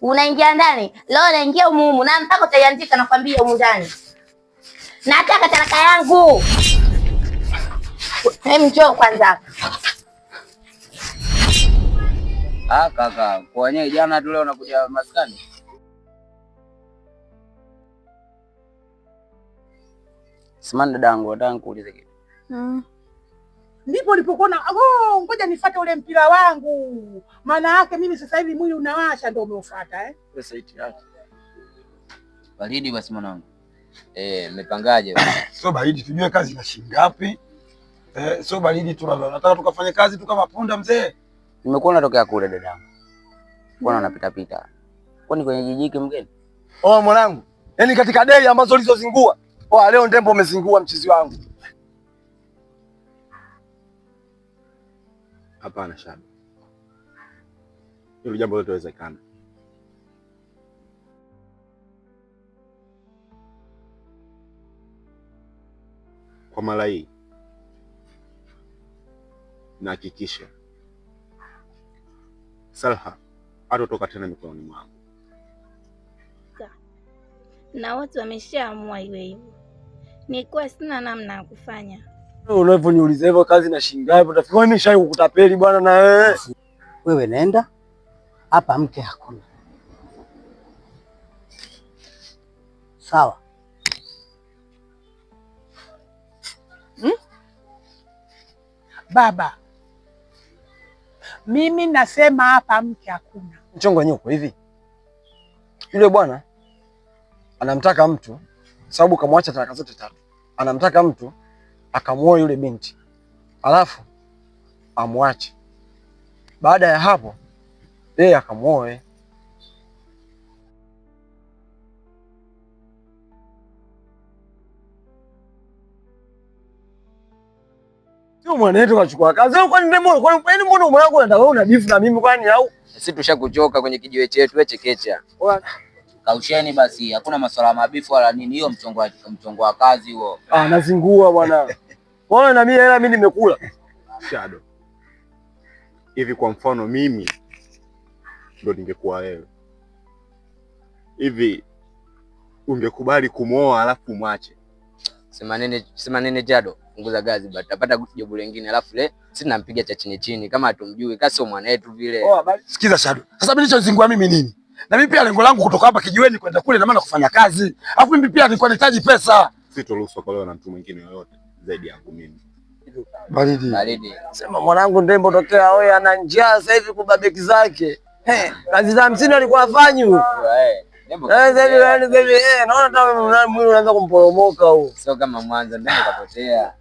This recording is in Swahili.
unaingia ndani leo, naingia umumu na mpaka utaiandika, nakwambia umu ndani, nataka taraka yangu. Hem, njoo kwanza. Ah, kaka, kwa jana tu leo unakuja maskani? Simani dadangu, nataka nikuulize kitu. Mm ndipo ulipokuona oh, ngoja nifate ule mpira wangu, maana yake mimi sasa hivi mwili unawasha, ndio umeufuata eh? Sasa iti baridi. Basi mwanangu, eh, mmepangaje? Sio baridi, tujue kazi na shilingi ngapi? Eh, sio baridi, tunataka tukafanye kazi tu kama punda mzee. Nimekuwa natokea kule dadangu, mbona napita pita? Kwani kwenye jiji hiki mgeni? Oh mwanangu, yaani katika dei ambazo ulizozingua, oh leo ndembo umezingua mchizi wangu Hapana Shaba, hilo jambo litawezekana. Kwa mara hii nahakikisha Salha hatotoka tena mikononi mwangu, na watu wameshaamua iwe hivyo. Nilikuwa sina namna ya kufanya Unaponiuliza hivyo kazi na shilingi ngapi? Utafikiri wewe, nishai kukutapeli bwana na wewe. Wewe nenda hapa, mke hakuna. Sawa. Hmm? Baba, mimi nasema hapa mke hakuna. Mchongo uko hivi, yule bwana anamtaka mtu sababu kamwacha taraka zote tatu, anamtaka mtu akamwoe yule binti alafu amwache. Baada ya hapo, yeye akamwoe. Sio mwanetu kachukua kazi au kwani ndemo kwani kwani mbona ume anataka wewe una beef na mimi kwani au? Sisi tushakuchoka kwenye kijiwe chetu wewe chekecha. Kausheni basi, hakuna masuala mabifu wala nini, hiyo mchongo wa mchongo wa kazi huo. Ah, nazingua bwana. Wewe na mimi hela mimi nimekula. Shadow. Hivi kwa mfano mimi ndo ningekuwa wewe. Hivi ungekubali kumwoa alafu mwache? Sema nene, sema nene Jado, nguza gazi bado. Tapata jobu lingine alafu le sisi nampiga cha chini chini kama hatumjui kasi sio mwana wetu vile. Oh, sikiza Shadow. Sasa mimi nilichozingua mimi nini? Na mimi pia lengo langu kutoka hapa kijiweni kwenda kule na maana kufanya kazi. Alafu mimi pia nilikuwa nahitaji pesa. Sitoruhusu kwa leo na mtu mwingine yoyote zaidi yangu mimi. Baridi. Baridi. Sema mwanangu Ndembo tokea wewe ana njaa sasa hivi kubabeki zake. He, kazi za hamsini alikuwa afanyi huko. Eh. Ndembo. Sasa hivi eh, naona hata mwili unaanza kumporomoka huko. Sio kama mwanzo ndio kapotea.